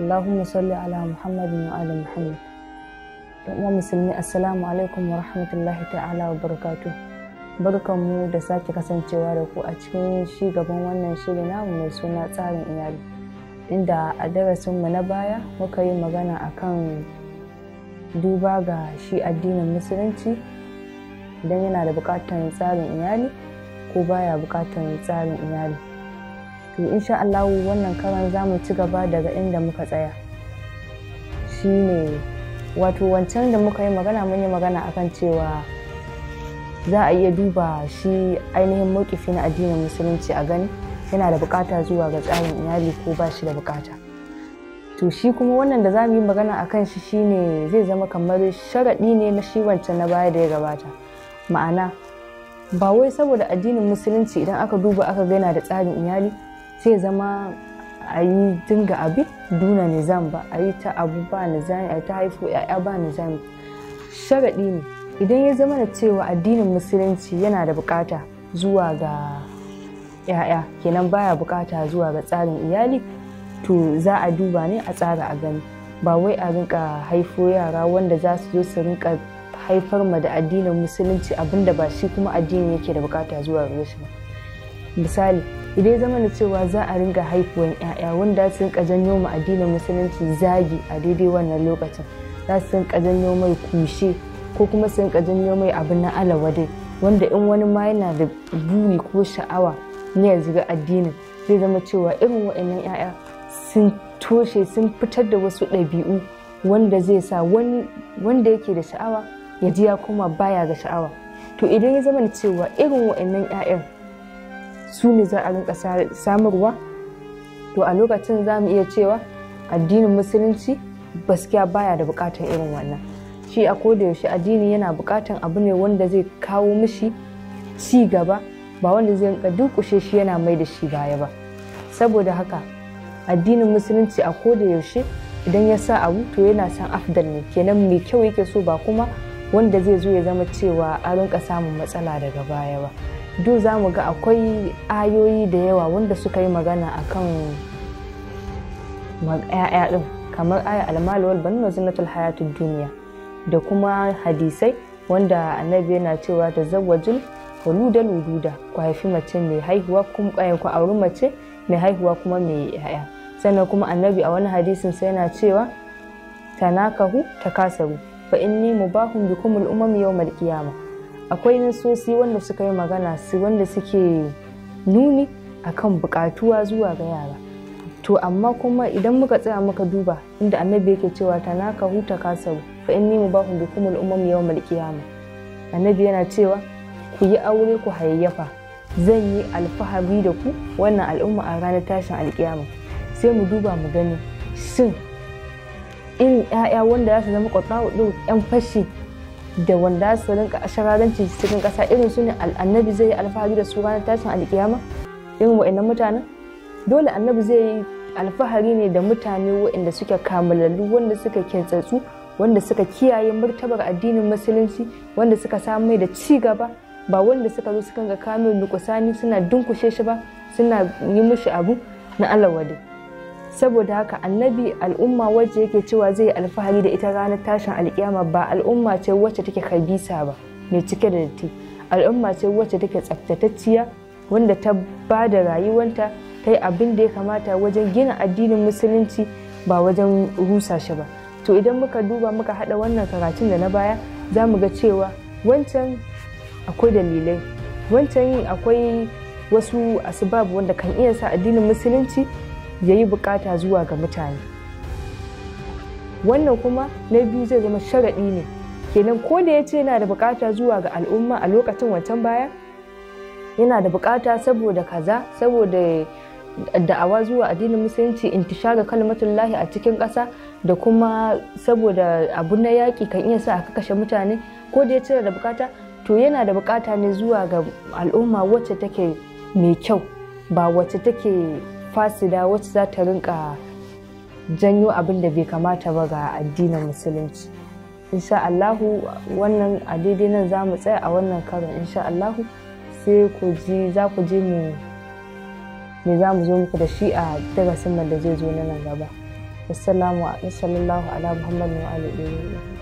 Allahumma salli ala Muhammadin wa ala Muhammad. Don uwa musulmi assalamu alaikum wa rahmatullahi ta'ala wa Barkan mu da sake kasancewa da ku a cikin shi gaban wannan shirin namu mai suna tsarin iyali. Inda a darasin mu na baya muka yi magana akan duba ga shi addinin musulunci idan yana da buƙatar tsarin iyali ko baya buƙatar tsarin iyali. In insha Allahu wannan karan za mu ci gaba daga inda muka tsaya Shi ne, wato wancan da muka yi magana mun yi magana akan cewa za a iya duba shi ainihin mokifi na addinin musulunci a gani yana da bukata zuwa ga tsarin iyali ko ba shi da bukata to shi kuma wannan da za mu yi magana a kan shi shine zai zama kamar sharaɗi ne na shi wancan na baya da ya gabata ma'ana ba wai saboda addinin musulunci idan aka duba aka gana da tsarin iyali sai zama a yi dinga abin duna nizam ba a yi ta abu ba nizami a yi ta haifu ya'ya ba nizami sharaɗi ne idan ya zama da cewa addinin musulunci yana da bukata zuwa ga ya'ya kenan baya bukata zuwa ga tsarin iyali to za a duba ne a tsara a gani ba wai a rinka haifo yara wanda za su zo su rinka haifar ma da addinin musulunci abinda ba shi kuma addini yake da bukata zuwa ga shi ba misali idan zama da cewa za a ringa haifuwan 'ya'ya wanda su rinka janyo ma addinin musulunci zagi a daidai wannan lokacin za su rinka janyo mai kushe ko kuma su rinka janyo mai abin na alawadai wanda in wani ma yana da buri ko sha'awa na ya ga addinin zai zama cewa irin waɗannan 'ya'ya sun toshe sun fitar da wasu ɗabi'u wanda zai sa wanda yake da sha'awa ya ji ya koma baya ga sha'awa to idan ya zama cewa irin waɗannan 'ya'yan su ne za a rinka samarwa to a lokacin za mu iya cewa addinin musulunci gaskiya baya da bukatan irin wannan shi a koda yaushe addini yana bukatan abu ne wanda zai kawo mishi ci gaba ba wanda zai rinka dukushe shi yana mai da shi baya ba saboda haka addinin musulunci a koda yaushe idan ya sa abu to yana son afdal ne kenan mai kyau yake so ba kuma wanda zai zo ya zama cewa a rinka samun matsala daga baya ba duk za mu ga akwai ayoyi da yawa wanda suka yi magana a kan ya'ya din kamar aya almalawar wal zinatul hayatun duniya da kuma hadisai wanda annabi yana cewa da zawajin waluda lududa ku haifi mace mai haihuwa kuma eh, kwa auri mace mai haihuwa kuma mai ya'ya sannan kuma annabi a wani hadisin sai yana cewa tanakahu takasaru fa inni mubahun bikumul umami yawmal qiyamah akwai nasosi wanda suka yi magana su wanda suke nuni akan bukatuwa zuwa ga yara to amma kuma idan muka tsaya muka duba inda annabi yake cewa ta naka huta kasaru fa inni mu bikum al kuma yawm al qiyamah annabi yana cewa ku yi aure ku hayayyafa zan yi alfahari da ku wannan al'umma a ranar tashin alkiyama sai mu duba mu gani shin in 'ya'ya wanda za su zama hudu yan fashi da wanda su rinka shararanci cikin kasa irin su ne annabi zai yi alfahari da su ranar tashin alkiyama irin wa'annan mutanen dole annabi zai yi alfahari ne da mutane wa'anda suke kamalallu wanda suka kintsatsu wanda suka kiyaye murtabar addinin musulunci wanda suka samu da ci gaba ba wanda suka zo suka ga kamin nukusani suna dunkushe shi ba suna yi mishi abu na alawade. saboda haka annabi al'umma wacce yake cewa zai yi alfahari da ita ranar tashin alkiyama ba al'umma ce wacce take kabisa ba mai cike da datti al'umma ce wacce take tsaftatacciya wanda ta ba da rayuwanta ta yi abin da ya kamata wajen gina addinin musulunci ba wajen rusa shi ba to idan muka duba muka hada wannan karatun da na baya za mu ga cewa wancan akwai dalilai wancan akwai wasu asbab wanda kan iya sa addinin musulunci ya yi bukata zuwa ga mutane wannan kuma na biyu zai zama sharaɗi ne kenan ko da ya ce yana da bukata zuwa ga al'umma a lokacin wancan baya yana da bukata saboda kaza saboda da'awa zuwa addinin musulunci in kalmatin lahi a cikin ƙasa da kuma saboda abu na yaƙi kan iya sa aka kashe mutane ko da ya ce da bukata to yana da bukata ne zuwa ga al'umma wacce take mai kyau ba wacce take fasida wacce za ta rinka janyo abin da bai kamata ba ga addinin musulunci insha Allahu wannan a daidai nan za mu tsaya a wannan karon insha Allahu sai ku ji za ku ji mu me za mu zo muku da shi a darasin da zai zo na nan gaba assalamu alaikum ala muhammadin wa alihi